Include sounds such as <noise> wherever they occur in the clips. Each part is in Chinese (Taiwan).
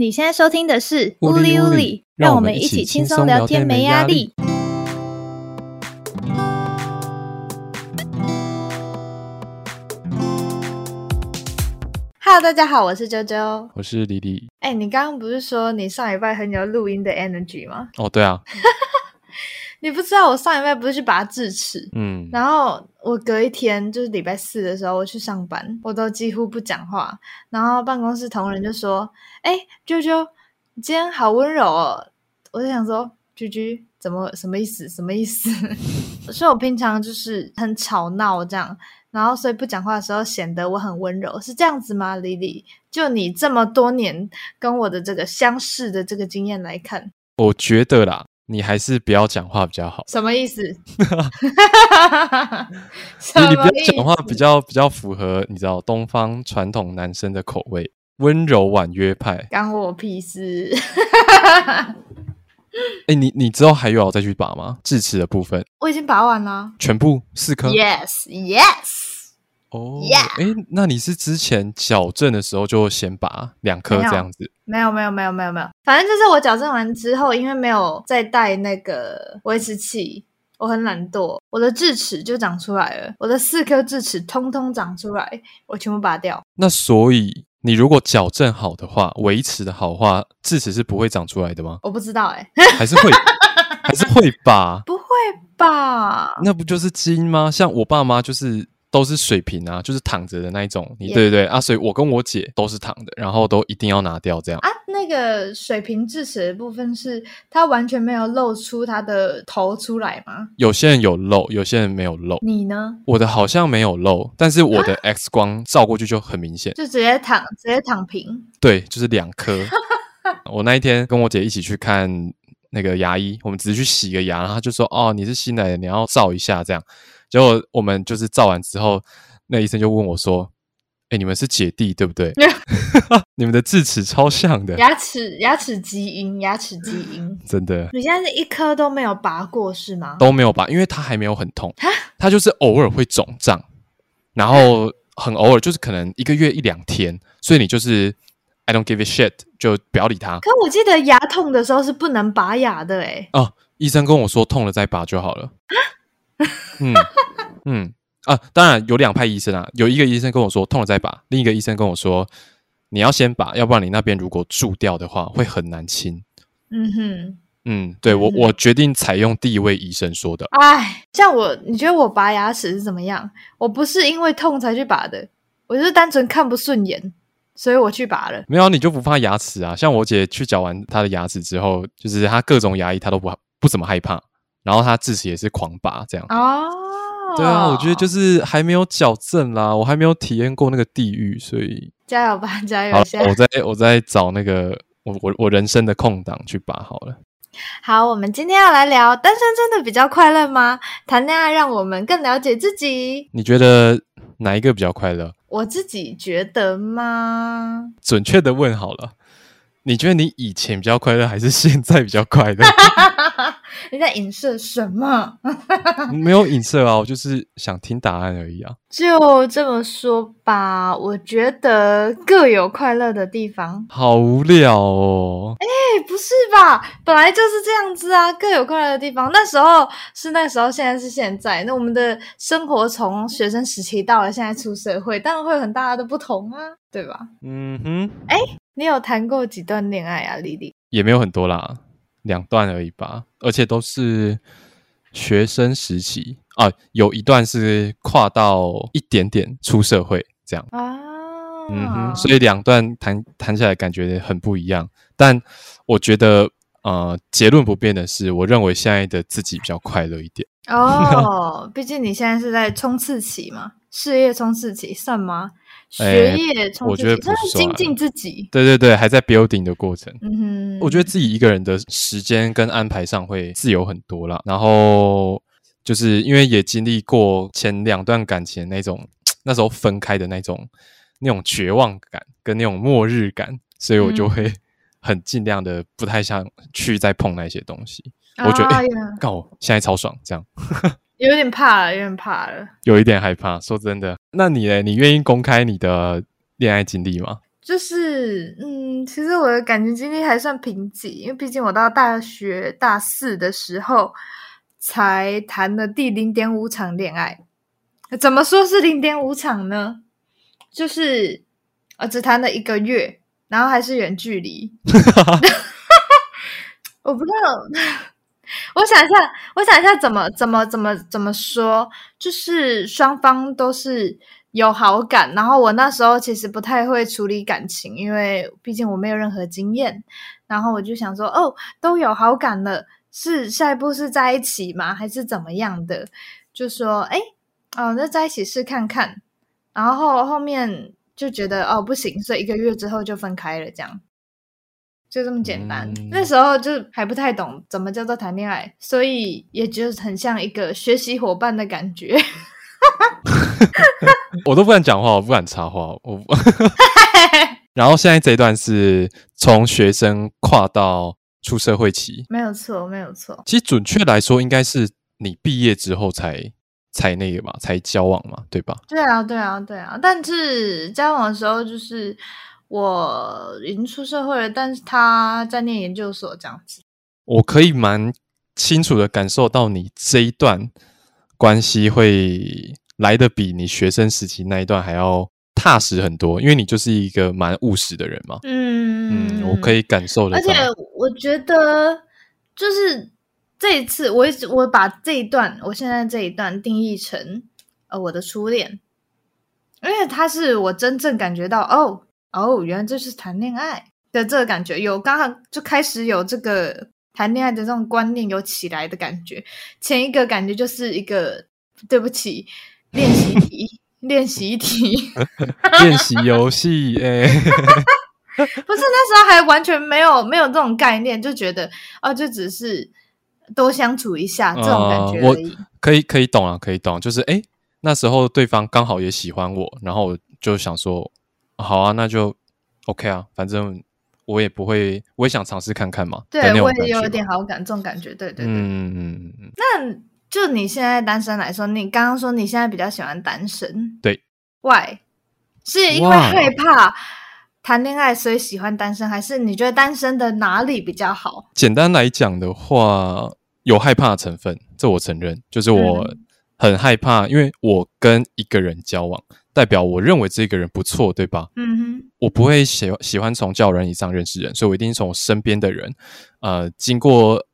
你現在收聽的是嗚哩嗚哩，讓我們一起輕鬆聊天，沒壓力。Hello，大家好，我是啾啾，啾我是李李。哎，你剛剛不是說你上禮拜很有錄音的 energy 嗎？哦，對啊。 <laughs> 你不知道我上禮拜不是去拔智齒，嗯，然後我隔一天就是禮拜四的時候我去上班，我都幾乎不講話，然後辦公室同仁就說：“哎、嗯，啾啾，你今天好溫柔哦。”我就想說：“啾啾，怎麼什麼意思？什麼意思？” <laughs> 所以我平常就是很吵鬧這樣，然後所以不講話的時候顯得我很溫柔，是這樣子嗎？李李，就你這麼多年跟我的這個相似的這個經驗來看，我覺得啦。你還是不要講話比較好。什麼意思？你不要講話比較比較符合，你知道東方傳統男生的口味，溫柔婉約派。關我屁事！哎， <laughs> 你你之後還有要再去拔嗎？智齒的部分，我已經拔完了，全部四顆。Yes, Yes。哦，哎、oh, Yeah.，那你是之前矯正的時候就先拔兩顆有這樣子？沒有沒有沒有沒有沒有，反正就是我矯正完之後，因為沒有再戴那個維持器，我很懶惰，我的智齒就長出來了，我的四顆智齒通通長出來，我全部拔掉。那所以你如果矯正好的話，維持好的好話，智齒是不會長出來的嗎？我不知道哎、欸，還是會 <laughs> 還是會拔？不會吧？那不就是基因嗎？像我爸媽就是。都是水平啊，就是躺着的那一種。你 Yeah. 對不對對啊，所以我跟我姐都是躺的，然後都一定要拿掉這樣啊。那個水平智齒的部分是它完全沒有露出它的頭出來嗎？有些人有露，有些人沒有露。你呢？我的好像沒有露，但是我的 X 光照過去就很明顯， <laughs> 就直接躺，直接躺平。對，就是兩顆。 <laughs> 我那一天跟我姐一起去看那個牙醫，我們只是去洗個牙，他就說：“哦，你是新來的，你要照一下這樣。”結果我們就是照完之後，那個、醫生就問我說：“哎、欸，你們是姐弟對不對？ <laughs> <laughs> 你們的智齒超像的，牙齒牙齒基因，牙齒基因 <laughs> 真的。你現在是一顆都沒有拔過是嗎？都沒有拔，因為它還沒有很痛，哈它就是偶爾會腫脹，然後很偶爾就是可能一個月一兩天，所以你就是 I don't give a shit，就不要理它。可我記得牙痛的時候是不能拔牙的哎、欸。哦，醫生跟我說痛了再拔就好了。 <laughs> 嗯嗯啊，當然有兩派醫生啊，有一個醫生跟我說痛了再拔，另一個醫生跟我說你要先拔，要不然你那邊如果蛀掉的話會很難清。嗯哼，嗯，對是是我我決定採用第一位醫生說的。哎，像我，你覺得我拔牙齒是怎麼樣？我不是因為痛才去拔的，我就是單純看不順眼，所以我去拔了。沒有，你就不怕牙齒啊？像我姐去矯完她的牙齒之後，就是她各種牙醫她都不不怎麼害怕。然後他自己也是狂拔這樣哦，oh、對啊，我覺得就是還沒有矯正啦，我還沒有體驗過那個地獄，所以加油吧，加油！我在我在找那個我我我人生的空檔去拔好了。好，我們今天要來聊，單身真的比較快樂嗎？談戀愛讓我們更了解自己，你覺得哪一個比較快樂？我自己覺得嗎？準確的問好了，你覺得你以前比較快樂，還是現在比較快樂？ <laughs> 你在影射什麼？ <laughs> 沒有影射啊，我就是想聽答案而已啊。就這麼說吧，我覺得各有快樂的地方。好無聊哦！哎、欸，不是吧？本來就是這樣子啊，各有快樂的地方。那時候是那時候，現在是現在。那我們的生活從學生時期到了現在出社會，當然會有很大的不同啊，對吧？嗯哼。哎、欸，你有談過幾段戀愛啊，李李？也沒有很多啦。兩段而已吧，而且都是學生時期啊，有一段是跨到一點點出社會這樣啊，嗯哼，所以兩段談談起來感覺很不一樣，但我覺得呃結論不變的是，我認為現在的自己比較快樂一點哦， <laughs> 畢竟你現在是在衝刺期嘛，事業衝刺期算嗎？學業，誒我覺得不是，精進自己。對對對，還在 building 的過程。嗯哼，我覺得自己一個人的時間跟安排上會自由很多了。然後就是因為也經歷過前兩段感情那種那時候分開的那種那種絕望感跟那種末日感，所以我就會很盡量的不太想去再碰那些東西。嗯、我覺得，看、啊 yeah. 我現在超爽，這樣。 <laughs> 有點怕了，有點怕了，有一點害怕。說真的，那你呢？你願意公開你的戀愛經歷嗎？就是，嗯，其實我的感情經歷還算貧瘠，因為畢竟我到大學大四的時候才談了第零點五場戀愛。怎麼說是零點五場呢？就是，啊，我只談了一個月，然後還是遠距離。 <laughs> <laughs> 我不知道我想一下，我想一下怎麼怎麼怎麼怎麼說，就是雙方都是有好感，然後我那時候其實不太會處理感情，因為畢竟我沒有任何經驗，然後我就想說，哦，都有好感了，是下一步是在一起嗎？還是怎麼樣的？就說，哎，哦，那在一起試看看，然後後面就覺得，哦，不行，所以一個月之後就分開了，這樣。就這麼簡單，嗯、那時候就還不太懂怎麼叫做談戀愛，所以也就是很像一個學習夥伴的感覺。 <laughs> <laughs> 我都不敢講話，我不敢插話，我，然後現在這一段是從學生跨到出社會期，沒有錯，沒有錯。其實準確來說，應該是你畢業之後才才那個嘛，才交往嘛，對吧？對啊，對啊，對啊。但是交往的時候就是。我已經出社會了，但是他在念研究所，這樣子，我可以蠻清楚的感受到你這一段關係會來得比你學生時期那一段還要踏實很多，因為你就是一個蠻務實的人嘛。嗯、嗯，我可以感受得到。而且我覺得，就是這一次，我一直我把這一段，我現在這一段定義成呃我的初戀，因為他是我真正感覺到哦。哦，原來這是談戀愛的這個感覺，有剛剛就開始有這個談戀愛的這種觀念有起來的感覺。前一個感覺就是一個對不起練習題， <laughs> 練習題 <laughs> 練習遊戲哎， <laughs> 欸、 <laughs> 不是那時候還完全沒有沒有這種概念，就覺得啊、哦，就只是多相處一下、呃、這種感覺。我可以可以懂啊，可以懂，就是哎，那時候對方剛好也喜歡我，然後我就想說。好啊，那就 OK 啊，反正我也不會，我也想嘗試看看嘛。對，我也有點好感這種感覺，對對對。嗯，那就你現在單身來說，你剛剛說你現在比較喜歡單身，對？Why？是因為害怕談戀愛，所以喜歡單身，哇還是你覺得單身的哪裡比較好？簡單來講的話，有害怕的成分，這我承認，就是我很害怕，嗯、因為我跟一個人交往。代表我認為這個人不錯，對吧？嗯哼，我不會喜喜歡從教人以上認識人，所以我一定從我身邊的人，呃，經過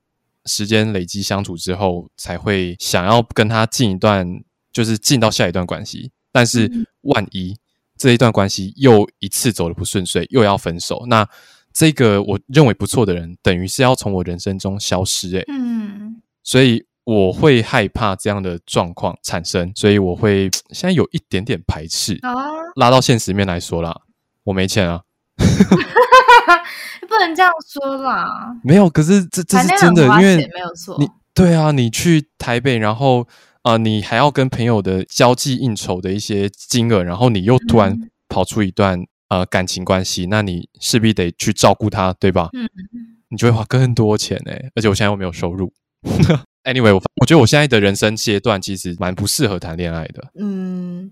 時間累積相處之後，才會想要跟他進一段，就是進到下一段關係。但是萬一這一段關係又一次走得不順遂，又要分手，那這個我認為不錯的人，等於是要從我人生中消失。欸。誒。嗯，所以。我會害怕這樣的狀況產生，所以我會現在有一點點排斥。啊、拉到現實面來說啦，我沒錢啊， <laughs> <laughs> 不能這樣說啦。沒有，可是這這是真的，因為你，你對啊，你去台北，然後啊、呃，你還要跟朋友的交際應酬的一些金額，然後你又突然跑出一段、嗯、呃感情關係，那你勢必得去照顧他，對吧？嗯，你就會花更多錢哎、欸，而且我現在又沒有收入。 <laughs> Anyway，我我覺得我現在的人生階段其實蠻不適合談戀愛的。嗯，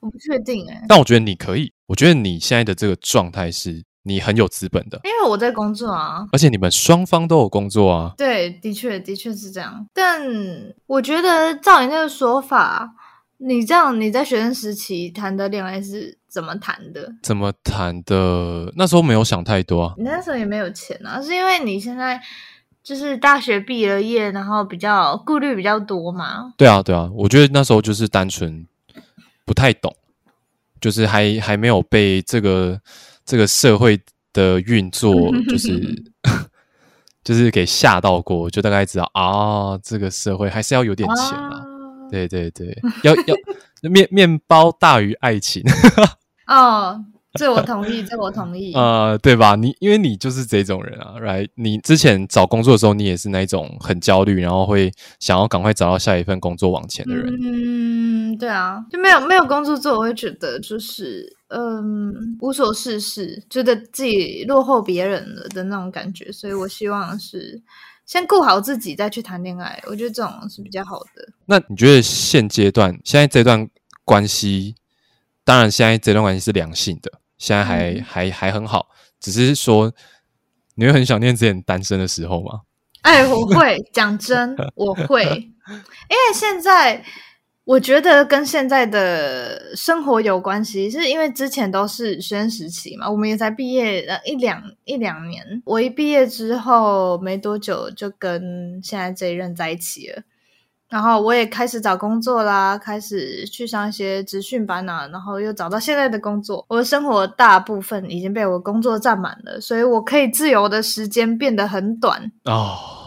我不確定欸，但我覺得你可以。我覺得你現在的這個狀態是你很有資本的。因為我在工作啊，而且你們雙方都有工作啊。對，的確的確是這樣。但我覺得照你那個說法，你這樣你在學生時期談的戀愛是怎麼談的？怎麼談的？那時候沒有想太多啊。你那時候也沒有錢啊，是因為你現在。就是大學畢了業，然後比較顧慮比較多嘛。對啊，對啊，我覺得那時候就是單純不太懂，就是還還沒有被這個這個社會的運作就是 <laughs> <laughs> 就是給嚇到過，就大概知道啊，這個社會還是要有點錢啊。Oh. 對對對，要要麵麵包大於愛情。哦 <laughs> Oh. 這我同意，這我同意。 <laughs> 呃，對吧？你因為你就是這種人啊，來、right?，你之前找工作的時候，你也是那一種很焦慮，然後會想要趕快找到下一份工作往前的人。嗯，對啊，就沒有沒有工作做，我會覺得就是嗯無所事事，覺得自己落後別人了的那種感覺。所以我希望是先顧好自己，再去談戀愛。我覺得這種是比較好的。那你覺得現階段現在這段關係，當然，現在這段關係是良性的。現在還還還很好，只是說你會很想念之前單身的時候嗎？哎、欸，我會，講真， <laughs> 我會，因為現在我覺得跟現在的生活有關係，是因為之前都是學生時期嘛，我們也才畢業一兩一兩年，我一畢業之後沒多久就跟現在這一任在一起了。然後我也開始找工作啦，開始去上一些職訓班啊，然後又找到現在的工作。我的生活大部分已經被我工作佔滿了，所以我可以自由的時間變得很短哦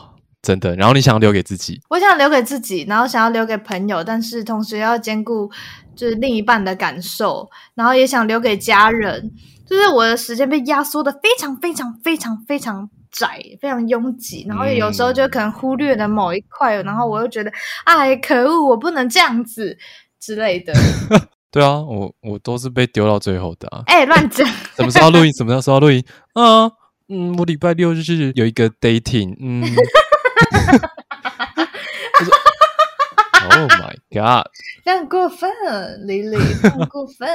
，oh, 真的。然後你想留給自己？我想留給自己，然後想要留給朋友，但是同時要兼顧就是另一半的感受，然後也想留給家人。就是我的時間被壓縮的非常非常非常非常。窄，非常擁擠，然後也有時候就可能忽略了某一塊，嗯、然後我又覺得，哎、啊，可惡，我不能這樣子之類的。 <laughs> 對啊，我我都是被丟到最後的啊。哎、欸，亂講 <laughs> 什麼時候錄音？什麼時候錄音？嗯、啊、嗯，我禮拜六就是有一個 dating，嗯。對啊，很過分，李李，很過分。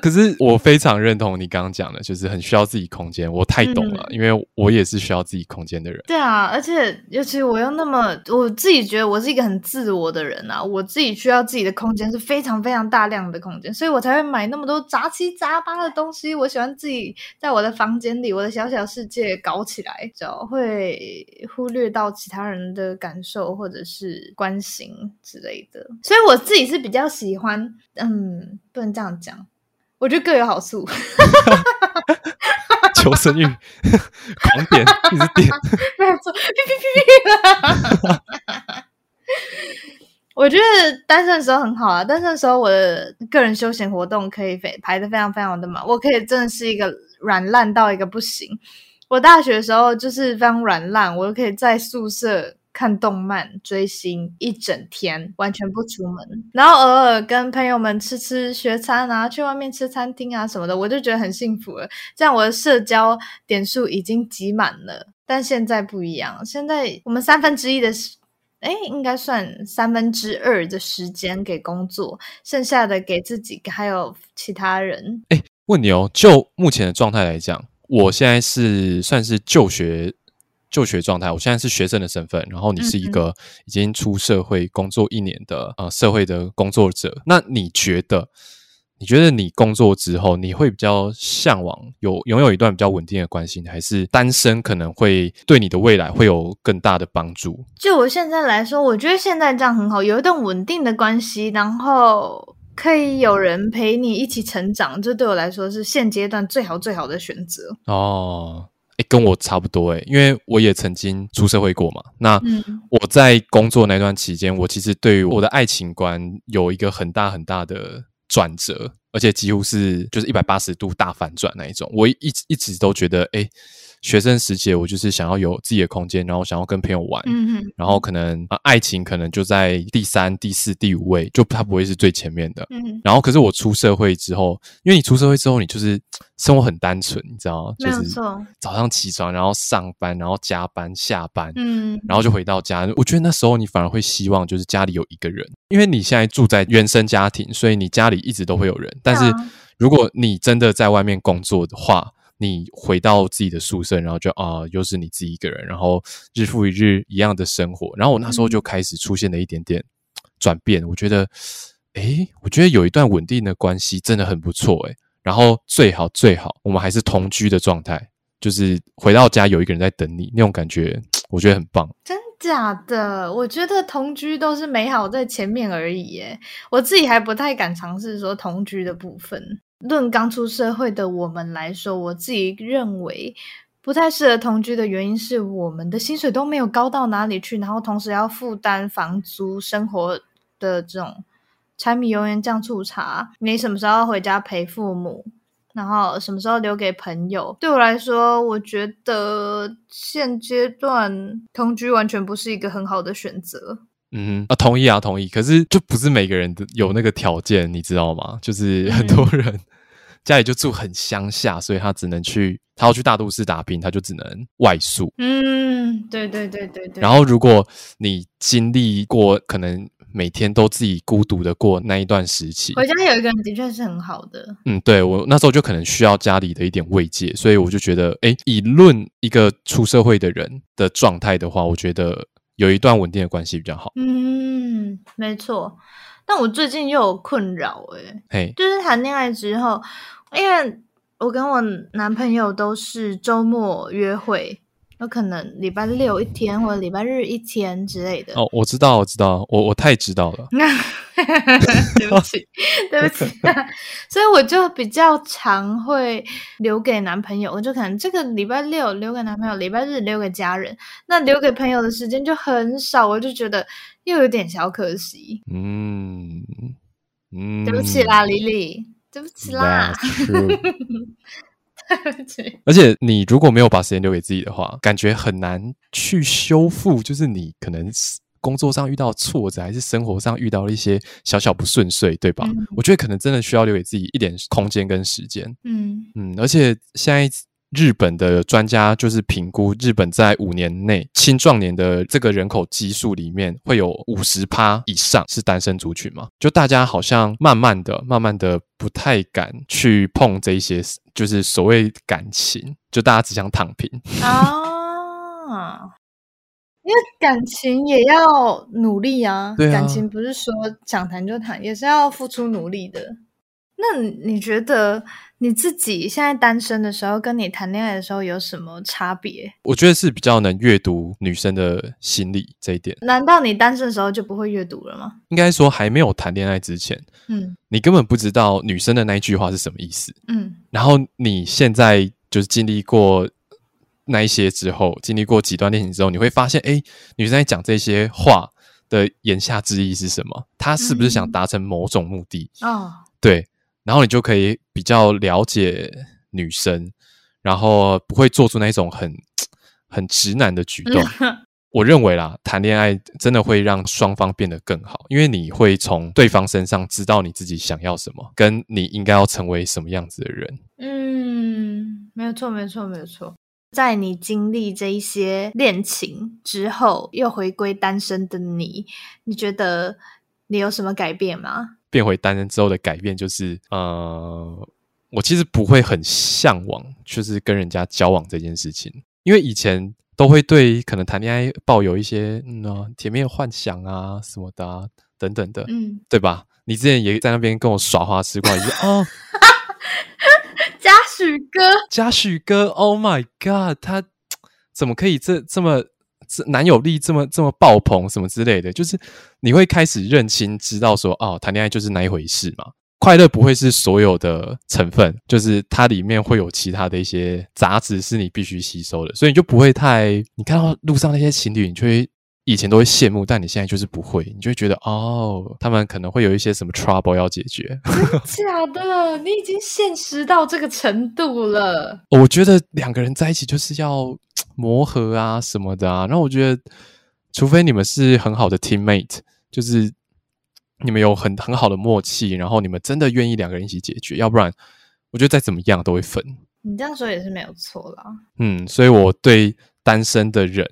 可是我非常認同你剛剛講的，就是很需要自己空間。我太懂了，嗯、因為我也是需要自己空間的人。嗯。對啊，而且尤其我又那麼，我自己覺得我是一個很自我的人啊，我自己需要自己的空間是非常非常大量的空間，所以我才會買那麼多雜七雜八的東西。我喜歡自己在我的房間裡，我的小小世界搞起來，就會忽略到其他人的感受或者是關心之類的。所以我自己是比較喜歡，嗯，不能這樣講，我覺得各有好處。 <laughs> 求生欲，狂點一直 <laughs> 點，沒有錯，我覺得單身的時候很好啊，單身的時候我的個人休閒活動可以非排得非常非常的滿，我可以真的是一個軟爛到一個不行。我大學的時候就是非常軟爛，我可以在宿舍看動漫、追星一整天，完全不出門，然後偶爾跟朋友們吃吃學餐啊，去外面吃餐廳啊什麼的，我就覺得很幸福了。這樣我的社交點數已經集滿了，但現在不一樣。現在我們三分之一的時，哎，應該算三分之二的時間給工作，剩下的給自己還有其他人。哎，問你哦，就目前的狀態來講，我現在是算是就學。就學狀態，我現在是學生的身份，然後你是一個已經出社會工作一年的嗯嗯、呃社會的工作者。那你覺得，你覺得你工作之後，你會比較向往有擁有一段比較穩定的關係，還是單身可能會對你的未來會有更大的幫助？就我現在來說，我覺得現在這樣很好，有一段穩定的關係，然後可以有人陪你一起成長。這對我來說是現階段最好最好的選擇。哦。哎、欸，跟我差不多，哎、欸，因為我也曾經出社會過嘛。那我在工作那段期間，我其實對於我的愛情觀有一個很大很大的轉折，而且幾乎是就是一百八十度大反轉那一種。我一直一直都覺得，哎、欸。學生時期，我就是想要有自己的空間，然後想要跟朋友玩，嗯嗯哼，然後可能、啊、愛情可能就在第三、第四、第五位，就他不會是最前面的，嗯嗯哼。然後，可是我出社會之後，因為你出社會之後，你就是生活很單純，你知道嗎？就是早上起床，然後上班，然後加班，下班，嗯，然後就回到家。我覺得那時候你反而會希望就是家裡有一個人，因為你現在住在原生家庭，所以你家裡一直都會有人。啊、但是如果你真的在外面工作的話，你回到自己的宿舍，然後就啊、呃，又是你自己一個人，然後日復一日一樣的生活。然後我那時候就開始出現了一點點轉變。嗯、我覺得，哎，我覺得有一段穩定的關係真的很不錯哎。然後最好最好，我們還是同居的狀態，就是回到家有一個人在等你，那種感覺我覺得很棒。真假的？我覺得同居都是美好在前面而已耶。我自己還不太敢嘗試說同居的部分。論剛出社會的我們來說，我自己認為不太適合同居的原因是，我們的薪水都沒有高到哪裡去，然後同時要負擔房租、生活的這種柴米油鹽醬醋茶，你什麼時候要回家陪父母，然後什麼時候留給朋友？對我來說，我覺得現階段同居完全不是一個很好的選擇。嗯啊，同意啊，同意。可是就不是每個人都有那個條件，你知道嗎？就是很多人。嗯。家裡就住很鄉下，所以他只能去，他要去大都市打拼，他就只能外宿。嗯，對對對對對。然後，如果你經歷過，可能每天都自己孤獨的過那一段時期，回家有一個人的確是很好的。嗯，對，我那時候就可能需要家裡的一點慰藉，所以我就覺得，哎，以論一個出社會的人的狀態的話，我覺得有一段穩定的關係比較好。嗯，沒錯。但我最近又有困擾誒、欸、嘿就是談戀愛之後，因為我跟我男朋友都是週末約會，有可能禮拜六一天或者禮拜日一天之類的。哦，我知道，我知道，我我太知道了。那 <laughs> <laughs> 對不起，對不起， <laughs> 所以我就比較常會留給男朋友，我就可能這個禮拜六留給男朋友，禮拜日留給家人，那留給朋友的時間就很少，我就覺得又有點小可惜。嗯嗯，對不起啦，李李，對不起啦。對不起。而且，你如果沒有把時間留給自己的話，感覺很難去修復，就是你可能。工作上遇到的挫折，還是生活上遇到一些小小不順遂，對吧？嗯、我覺得可能真的需要留給自己一點空間跟時間。嗯嗯，而且現在日本的專家就是評估日本在五年內青壯年的這個人口基數裡面，會有五十趴以上是單身族群嘛。就大家好像慢慢的、慢慢的不太敢去碰這些，就是所謂感情，就大家只想躺平啊。 <laughs> oh. 因為感情也要努力啊，啊感情不是說想談就談，也是要付出努力的。那你覺得你自己現在單身的時候，跟你談戀愛的時候有什麼差別？我覺得是比較能閱讀女生的心理這一點。難道你單身的時候就不會閱讀了嗎？應該說，還沒有談戀愛之前，嗯，你根本不知道女生的那一句話是什麼意思，嗯，然後你現在就是經歷過。那一些之後，經歷過幾段戀情之後，你會發現，哎，女生在講這些話的言下之意是什麼？她是不是想達成某種目的？嗯、哦，對，然後你就可以比較了解女生，然後不會做出那一種很很直男的舉動。嗯、我認為啦，談戀愛真的會讓雙方變得更好，因為你會從對方身上知道你自己想要什麼，跟你應該要成為什麼樣子的人。嗯，沒有錯，沒有錯，沒有錯。在你經歷這一些戀情之後，又回歸單身的你，你覺得你有什麼改變嗎？變回單身之後的改變就是，呃，我其實不會很嚮往，就是跟人家交往這件事情，因為以前都會對可能談戀愛抱有一些，嗯啊，甜蜜幻想啊什麼的啊等等的，嗯，對吧？你之前也在那邊跟我耍花痴過， <laughs> 也是、哦 <laughs> 許哥，賈許哥，Oh my God，他怎麼可以這這麼男友力這麼這麼爆棚什麼之類的？就是你會開始認清，知道說哦，談戀愛就是哪一回事嘛。快樂不會是所有的成分，就是它裡面會有其他的一些雜質是你必須吸收的，所以你就不會太你看到路上那些情侶，你就會。以前都會羨慕，但你現在就是不會，你就會覺得哦，他們可能會有一些什麼 trouble 要解決。假的， <laughs> 你已經現實到這個程度了。我覺得兩個人在一起就是要磨合啊什麼的啊。那我覺得，除非你們是很好的 teammate，就是你們有很很好的默契，然後你們真的願意兩個人一起解決，要不然我覺得再怎麼樣都會分。你這樣說也是沒有錯啦。嗯，所以我對單身的人。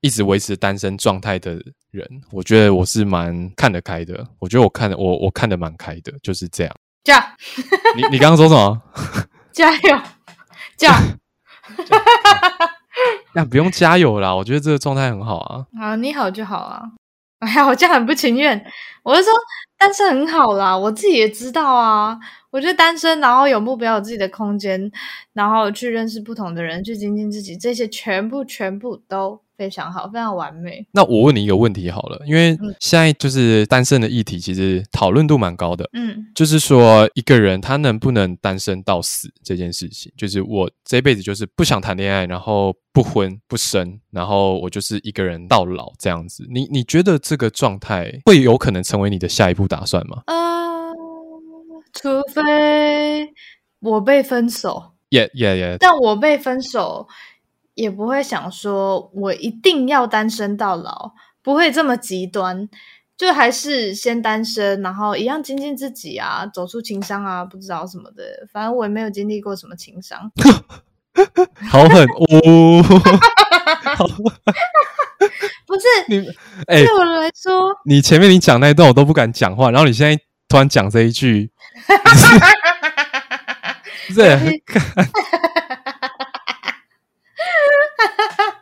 一直維持單身狀態的人，我覺得我是蠻看得開的。我覺得我看的我我看得蠻開的，就是這樣。加油這樣！ <laughs> 你你剛剛說什麼？加油！這樣！那 <laughs> <laughs> 不用加油啦，我覺得這個狀態很好啊。啊，你好就好啊。哎呀，我就很不情願。我就說，單身很好啦，我自己也知道啊。我覺得單身，然後有目標，有自己的空間，然後去認識不同的人，去精進自己，這些全部全部都。非常好，非常完美。那我問你一個問題好了，因為現在就是單身的議題，其實討論度蠻高的。嗯，就是說一個人他能不能單身到死這件事情，就是我這輩子就是不想談戀愛，然後不婚不生，然後我就是一個人到老這樣子。你你覺得這個狀態會有可能成為你的下一步打算嗎？啊、呃，除非我被分手。耶耶耶。但我被分手。也不會想說，我一定要單身到老，不會這麼極端，就還是先單身，然後一樣精進自己啊，走出情傷啊，不知道什麼的。反正我也沒有經歷過什麼情傷， <laughs> 好狠哦！不是，你，欸、對我來說，你前面你講那一段我都不敢講話，然後你現在突然講這一句，是。哈哈哈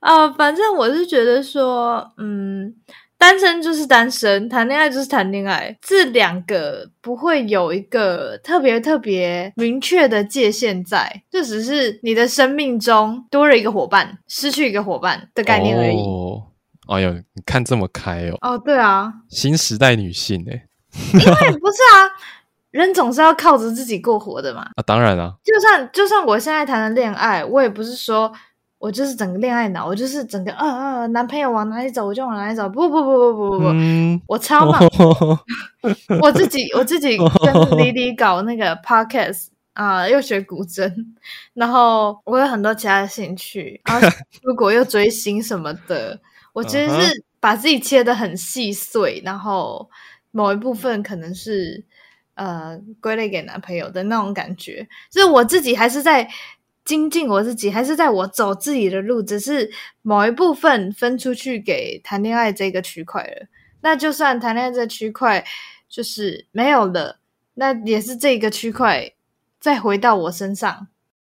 啊，反正我是覺得說，嗯，單身就是單身，談戀愛就是談戀愛，這兩個不會有一個特別特別明確的界限在，這只是你的生命中多了一個夥伴，失去一個夥伴的概念而已。哦，哎呦，你看這麼開哦！哦，對啊，新時代女性哎， <laughs> 因為不是啊。人總是要靠着自己過活的嘛。啊，當然了、啊。就算就算我現在談了戀愛，我也不是說我就是整個戀愛腦，我就是整個嗯嗯、啊。男朋友往哪裡走我就往哪裡走。不不不不不不，不、嗯、我超忙，哦 <laughs> 我自己我自己跟李李搞那個 podcast 啊、哦呃，又學古箏，然後我有很多其他的興趣。然後如果又追星什麼的， <laughs> 我其實是把自己切得很細碎，uh huh. 然後某一部分可能是。呃，歸類給男朋友的那種感覺，就是我自己還是在精進我自己，還是在我走自己的路，只是某一部分分出去給談戀愛這個區塊了。那就算談戀愛這區塊就是沒有了，那也是這個區塊再回到我身上。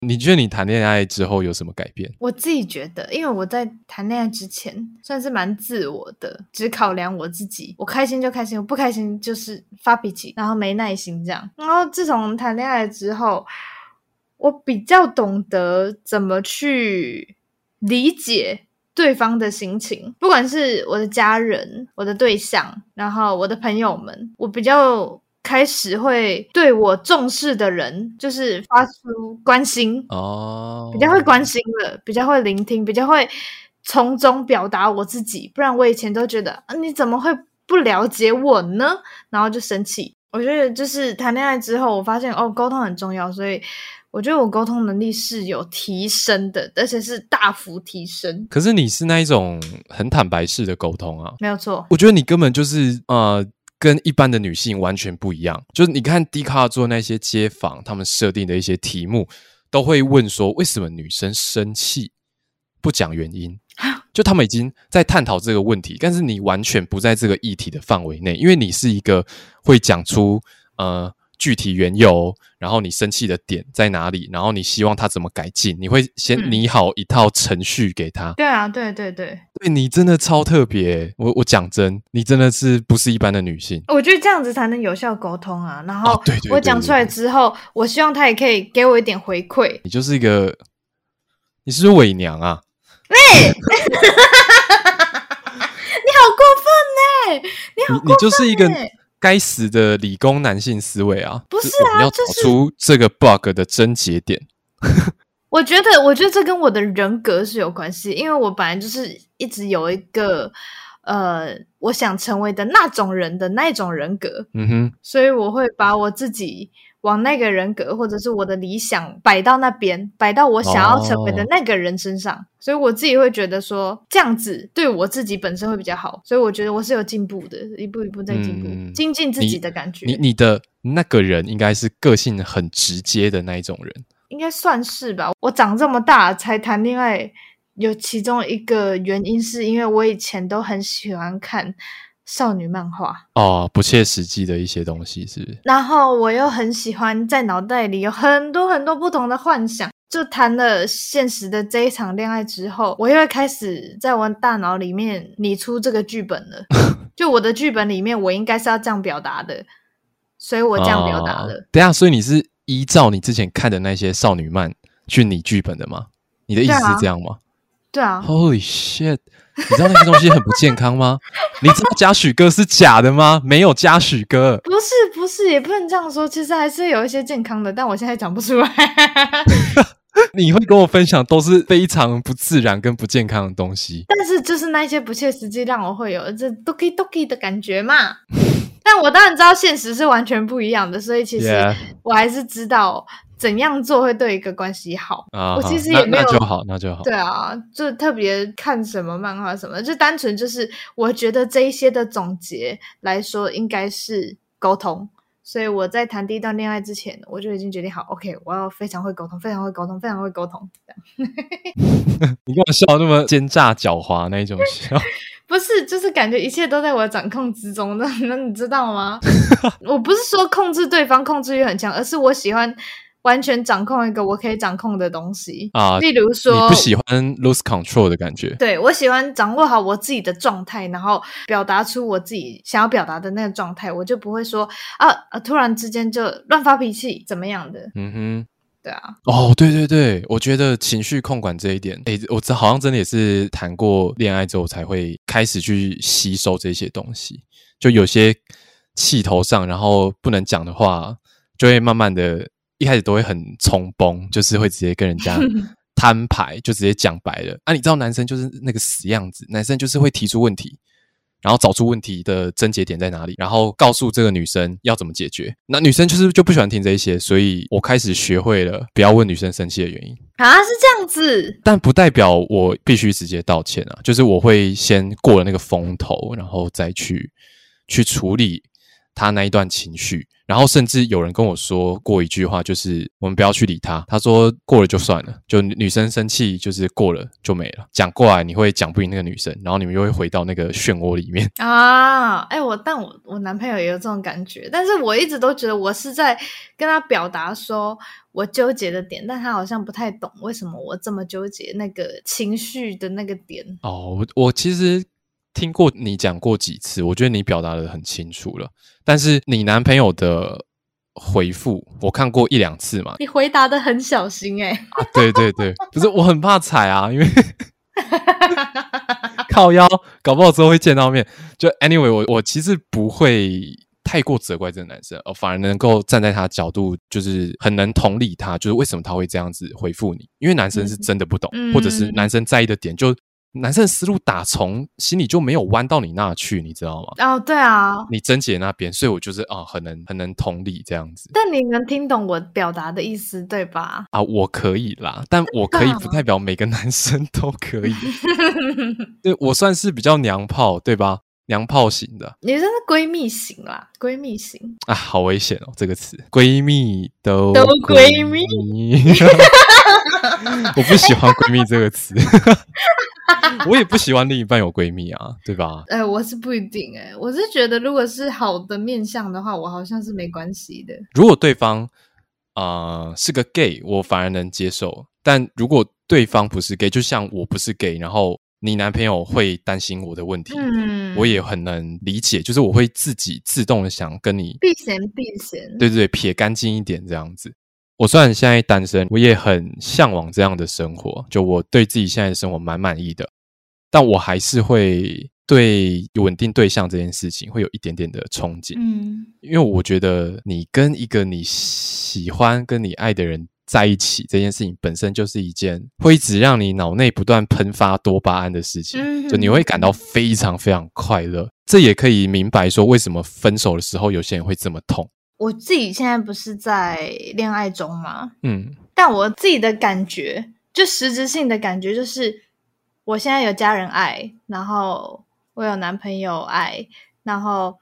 你覺得你談戀愛之後有什麼改變？我自己覺得，因為我在談戀愛之前算是蠻自我的，只考量我自己，我開心就開心，我不開心就是發脾氣，然後沒耐心這樣。然後自從談戀愛之後，我比較懂得怎麼去理解對方的心情，不管是我的家人、我的對象，然後我的朋友們，我比較。開始會對我重視的人，就是發出關心哦，比較會關心的，比較會聆聽，比較會從中表達我自己。不然我以前都覺得，啊，你怎麼會不了解我呢？然後就生氣。我覺得就是談戀愛之後，我發現哦，溝通很重要，所以我覺得我溝通能力是有提升的，而且是大幅提升。可是你是那一種很坦白式的溝通啊？沒有錯，我覺得你根本就是呃。跟一般的女性完全不一樣，就是你看 Dcard 做那些街訪，他們設定的一些題目，都會問說，為什麼女生生氣不講原因，就他們已經在探討這個問題，但是你完全不在這個議題的範圍內，因為你是一個會講出呃。具體緣由，然後你生氣的點在哪裡？然後你希望他怎麼改進？你會先擬好一套程序給他。嗯、對啊，對對對，對，你真的超特別。我我講真，你真的是不是一般的女性？我覺得這樣子才能有效溝通啊。然後我講出來之後，我希望他也可以給我一點回饋。你就是一個，你是不是偽娘啊？喂、欸， <laughs> <laughs> 你好過分呢！你好，你就是一個。該死的理工男性思維啊！不是啊，要找出這個 bug 的症結點。 <laughs> 我覺得，我覺得這跟我的人格是有關係，因為我本來就是一直有一個呃，我想成為的那種人的那種人格。嗯哼，所以我會把我自己。往那個人格，或者是我的理想擺到那邊，擺到我想要成為的那個人身上，哦、所以我自己會覺得說這樣子對我自己本身會比較好，所以我覺得我是有進步的，一步一步在進步，嗯、精進自己的感覺。你你，你的那個人應該是個性很直接的那一種人，應該算是吧。我長這麼大才談戀愛，有其中一個原因是因為我以前都很喜歡看。少女漫畫哦，不切實際的一些東西是不是？然後我又很喜歡在腦袋裡有很多很多不同的幻想。就談了現實的這一場戀愛之後，我又開始在我大腦裡面擬出這個劇本了。 <laughs> 就我的劇本裡面，我應該是要這樣表達的，所以我這樣表達的。啊，等下，所以你是依照你之前看的那些少女漫去擬劇本的嗎？你的意思是這樣嗎？對啊、Holy shit！你知道那些東西很不健康嗎？ <laughs> 你知道嘉許哥是假的嗎？沒有嘉許哥，不是不是，也不能這樣說。其實還是有一些健康的，但我現在講不出來。 <laughs> <laughs> 你會跟我分享都是非常不自然跟不健康的東西，但是就是那些不切實際讓我會有這 doki doki 的感覺嘛。 <laughs> 但我當然知道現實是完全不一樣的，所以其實我還是知道、哦。Yeah. 怎樣做會對一個關係好？啊、我其實也沒有那，那就好，那就好。對啊，就特別看什麼漫畫什麼，就單純就是我覺得這一些的總結來說，應該是溝通。所以我在談第一段戀愛之前，我就已經決定好，OK，我要非常會溝通，非常會溝通，非常會溝通。這樣。 <laughs> <laughs> 你跟我笑那麼奸詐狡猾那一種笑？ <laughs> 不是，就是感覺一切都在我掌控之中。那那你知道嗎？ <laughs> 我不是說控制對方，控制欲很強，而是我喜歡。完全掌控一個我可以掌控的東西啊，例如說你不喜歡 lose control 的感覺。對，我喜歡掌握好我自己的狀態，然後表達出我自己想要表達的那個狀態，我就不會說啊，啊，突然之間就亂發脾氣怎麼樣的。嗯哼，對啊。哦，對對對，我覺得情緒控管這一點，誒，我好像真的也是談過戀愛之後才會開始去吸收這些東西，就有些氣頭上，然後不能講的話，就會慢慢的。一開始都會很衝崩，就是會直接跟人家攤牌， <laughs> 就直接講白了。啊，你知道男生就是那個死樣子，男生就是會提出問題，然後找出問題的症結點在哪裡，然後告訴這個女生要怎麼解決。那女生就是就不喜歡聽這一些，所以我開始學會了不要問女生生氣的原因啊，是這樣子。但不代表我必須直接道歉啊，就是我會先過了那個風頭，然後再去去處理她那一段情緒。然後甚至有人跟我說過一句話，就是我們不要去理他。他說，過了就算了，就女，女生生氣就是過了就沒了。講過來你會講不贏那個女生，然後你們又會回到那個漩渦裡面啊。哎、哦欸，我但我我男朋友也有這種感覺，但是我一直都覺得我是在跟他表達說我糾結的點，但他好像不太懂為什麼我這麼糾結那個情緒的那個點。哦，我我其實。聽過你講過幾次，我覺得你表達的很清楚了。但是你男朋友的回復，我看過一兩次嘛。你回答的很小心哎、欸啊。對對對， <laughs> 不是我很怕踩啊，因為 <laughs> 靠腰，搞不好之後會見到面。就 anyway，我我其實不會太過責怪這個男生，呃、反而能夠站在他角度，就是很能同理他，就是為什麼他會這樣子回復你？因為男生是真的不懂，嗯、或者是男生在意的點就。男生的思路打從心裡就沒有彎到你那去，你知道嗎？哦、oh, 對啊，你貞姐那邊，所以我就是啊、呃，很能很能同理這樣子。但你能聽懂我表達的意思對吧？啊，我可以啦，但我可以不代表每個男生都可以。對， <laughs> 我算是比較娘炮對吧？娘炮型的，你算是閨蜜型啦，閨蜜型啊，好危險哦這個詞，閨蜜都，都閨蜜，閨蜜 <laughs> <laughs> 我不喜歡閨蜜這個詞。 <laughs> <laughs> 我也不喜歡另一半有閨蜜啊，對吧？哎、呃，我是不一定哎、欸，我是覺得如果是好的面相的話，我好像是沒關係的。如果對方啊、呃、是個 gay，我反而能接受；但如果對方不是 gay，就像我不是 gay，然後你男朋友會擔心我的問題，嗯，我也很能理解，就是我會自己自動的想跟你避嫌避嫌，對對對，撇乾淨一點這樣子。我雖然現在單身，我也很嚮往這樣的生活。就我對自己現在的生活蠻滿意的，但我還是會對穩定對象這件事情會有一點點的憧憬。嗯，因為我覺得你跟一個你喜歡、跟你愛的人在一起這件事情，本身就是一件會一直讓你腦內不斷噴發多巴胺的事情，就你會感到非常非常快樂。這也可以明白說，為什麼分手的時候有些人會這麼痛。我自己現在不是在戀愛中嗎？嗯，但我自己的感覺，就實質性的感覺，就是我現在有家人愛，然後我有男朋友愛，然後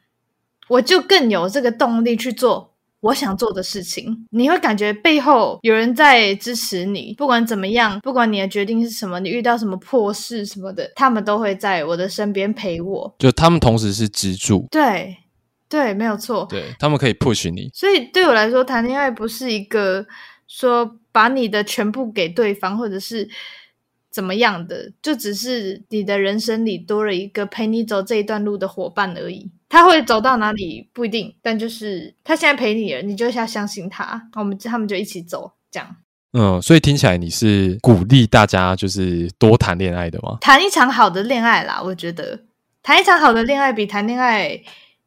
我就更有這個動力去做我想做的事情。你會感覺背後有人在支持你，不管怎麼樣，不管你的決定是什麼，你遇到什麼破事什麼的，他們都會在我的身邊陪我。就他們同時是支柱。對。對，沒有錯。對，他們可以 push 你。所以對我來說，談戀愛不是一個說把你的全部給對方，或者是怎麼樣的，就只是你的人生裡多了一個陪你走這一段路的夥伴而已。他會走到哪裡不一定，但就是他現在陪你了，你就是要相信他，我們他們就一起走，這樣。嗯，所以聽起來你是鼓勵大家就是多談戀愛的嗎？談一場好的戀愛啦，我覺得。談一場好的戀愛比談戀愛。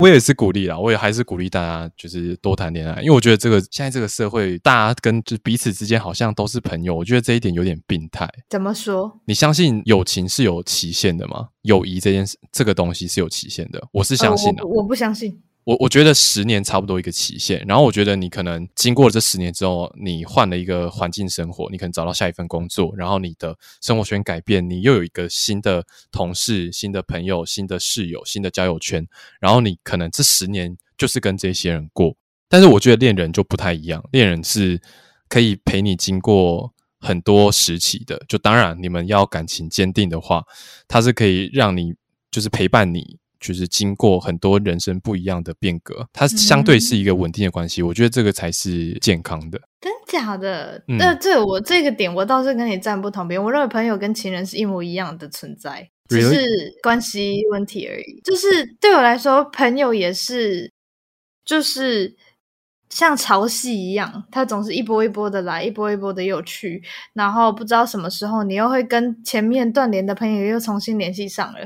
我也是鼓勵啦，我也還是鼓勵大家，就是多談戀愛，因為我覺得這個現在這個社會，大家跟就彼此之間好像都是朋友，我覺得這一點有點病態。怎麼說？你相信友情是有期限的嗎？友誼這件事，這個東西是有期限的，我是相信的。哦，我，我，我不相信。我我覺得十年差不多一個期限，然後我覺得你可能經過了這十年之後，你換了一個環境生活，你可能找到下一份工作，然後你的生活圈改變，你又有一個新的同事、新的朋友、新的室友、新的交友圈，然後你可能這十年就是跟這些人過。但是我覺得戀人就不太一樣，戀人是可以陪你經過很多時期的，就當然你們要感情堅定的話，他是可以讓你就是陪伴你。就是經過很多人生不一樣的變革，它相對是一個穩定的關係。嗯、我覺得這個才是健康的。真假的？那這、嗯、我這個點我倒是跟你站不同邊。我認為朋友跟情人是一模一樣的存在，Really? 只是關係問題而已。就是對我來說，朋友也是，就是像潮汐一樣，它總是一波一波的來，一波一波的又去。然後不知道什麼時候，你又會跟前面斷聯的朋友又重新聯繫上了。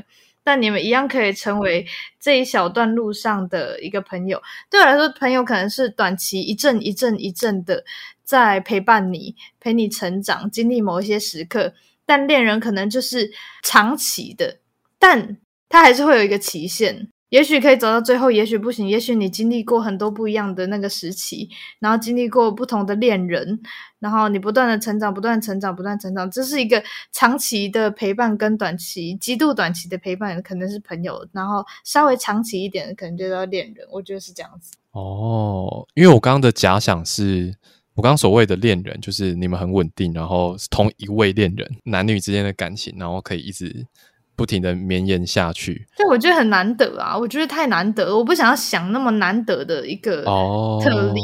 但你們一樣可以成為這一小段路上的一個朋友。對我來說，朋友可能是短期一陣一陣一陣的，在陪伴你、陪你成長、經歷某一些時刻；但戀人可能就是長期的，但他還是會有一個期限。也許可以走到最後，也許不行。也許你經歷過很多不一樣的那個時期，然後經歷過不同的戀人，然後你不斷的成長，不斷成長，不斷成長。這是一個長期的陪伴，跟短期、極度短期的陪伴，可能是朋友，然後稍微長期一點的，可能就叫戀人。我覺得是這樣子。哦，因為我剛剛的假想是，我剛所謂的戀人，就是你們很穩定，然後同一位戀人，男女之間的感情，然後可以一直。不停的綿延下去，對，我覺得很難得啊，我覺得太難得，我不想要想那麼難得的一個、欸哦、特例。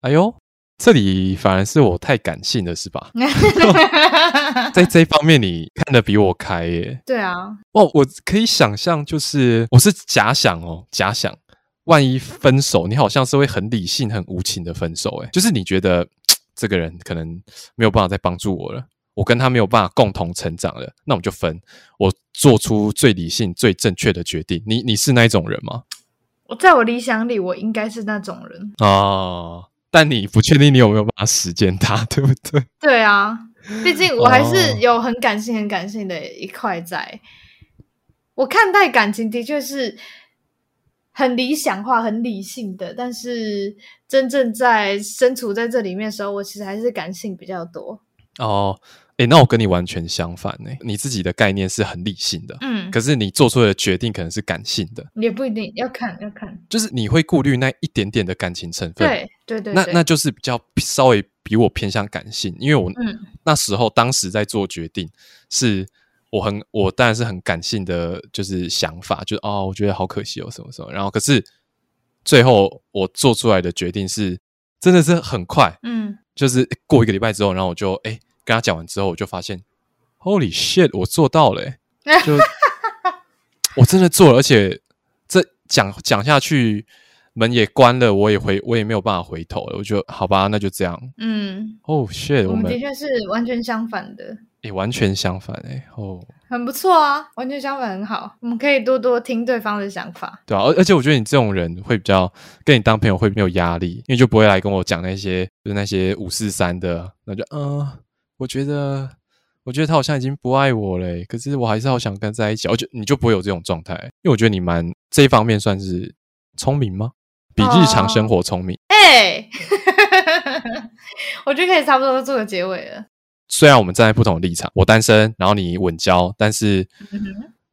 哎呦，這裡反而是我太感性了，是吧？ <laughs> <laughs> 在這方面，你看得比我開耶、欸。對啊，哦，我可以想象，就是我是假想哦，假想，萬一分手，你好像是會很理性、很無情的分手、欸，哎，就是你覺得這個人可能沒有辦法再幫助我了。我跟他沒有辦法共同成長了，那我們就分。我做出最理性、最正確的決定。你你是那一種人嗎？我在我理想裡，我應該是那種人啊。哦，但你不確定你有沒有辦法實踐它，對不對？對啊，畢竟我還是有很感性、很感性的一塊在。哦，我看待感情的確是很理想化、很理性的，但是真正在身處在這裡面的時候，我其實還是感性比較多哦。哎、欸，那我跟你完全相反，哎、欸，你自己的概念是很理性的，嗯，可是你做出來的決定可能是感性的，也不一定。要看要看，要看就是你會顧慮那一點點的感情成分，對，對對對，那那就是比較稍微比我偏向感性，因為我、嗯、那時候當時在做決定，是我很我當然是很感性的，就是想法，就哦，我覺得好可惜哦，什麼什麼，然後可是最後我做出來的決定是真的是很快，嗯，就是、欸、過一個禮拜之後，然後我就哎。欸跟他講完之後，我就發現 Holy shit，我做到了、欸！就 <laughs> 我真的做了，而且這講講下去，門也關了，我也回，我也沒有辦法回頭了。我就好吧，那就這樣。嗯，哦、oh，shit，我們的確是完全相反的，也、欸、完全相反，哎、欸，哦、oh，很不錯啊，完全相反很好，我們可以多多聽對方的想法，對啊，而而且我覺得你這種人會比較跟你當朋友會沒有壓力，因為就不會來跟我講那些就是那些五四三的，那就嗯。我覺得，我覺得他好像已經不愛我嘞，可是我還是好想跟在一起。我覺得你就不會有這種狀態，因為我覺得你蠻這一方面算是聰明嗎？比日常生活聰明。哎、哦，欸、 <laughs> 我覺得可以差不多做個結尾了。雖然我們站在不同的立場，我單身，然後你穩交，但是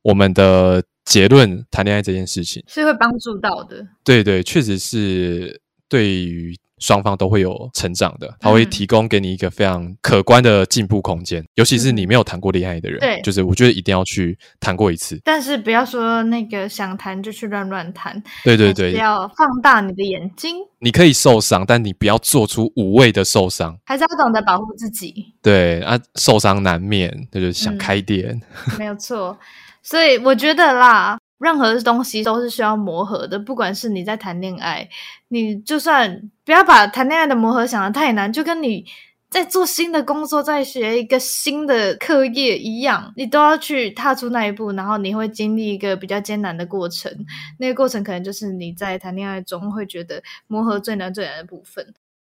我們的結論，談戀愛這件事情是會幫助到的。對對，確實是。對於雙方都會有成長的，他會提供給你一個非常可觀的進步空間。嗯、尤其是你沒有談過戀愛的人，嗯、就是我覺得一定要去談過一次。但是不要說那個想談就去亂亂談，對對對，要放大你的眼睛。你可以受傷，但你不要做出無謂的受傷，還是要懂得保護自己。對啊，受傷難免，就是想開點、嗯，沒有錯。 <laughs> 所以我覺得啦。任何東西都是需要磨合的，不管是你在談戀愛，你就算不要把談戀愛的磨合想得太難，就跟你在做新的工作，在學一個新的課業一樣，你都要去踏出那一步，然後你會經歷一個比較艱難的過程。那個過程可能就是你在談戀愛中會覺得磨合最難最難的部分。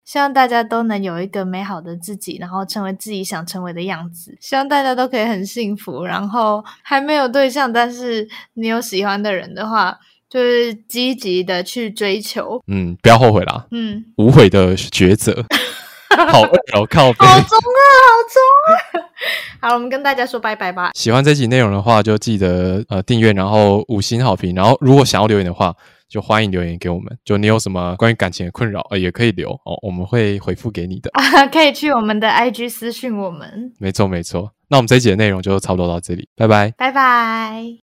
希望大家都能有一個美好的自己，然後成為自己想成為的樣子。希望大家都可以很幸福。然後還沒有對象，但是你有喜歡的人的話，就是積極的去追求。嗯，不要後悔啦。嗯，無悔的抉擇。好溫、哦、 <laughs> 靠北好衝啊！好衝啊！好，我們跟大家說拜拜吧。喜歡這集內容的話，就記得呃訂閱，然後五星好評。然後如果想要留言的話。就歡迎留言給我們，就你有什麼關於感情的困擾，呃，也可以留哦，我們會回復給你的。 <laughs> 可以去我們的 IG 私信我們。沒錯，沒錯。那我們這一集的內容就差不多到這裡，拜拜，拜拜。